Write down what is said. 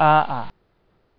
uh, uh.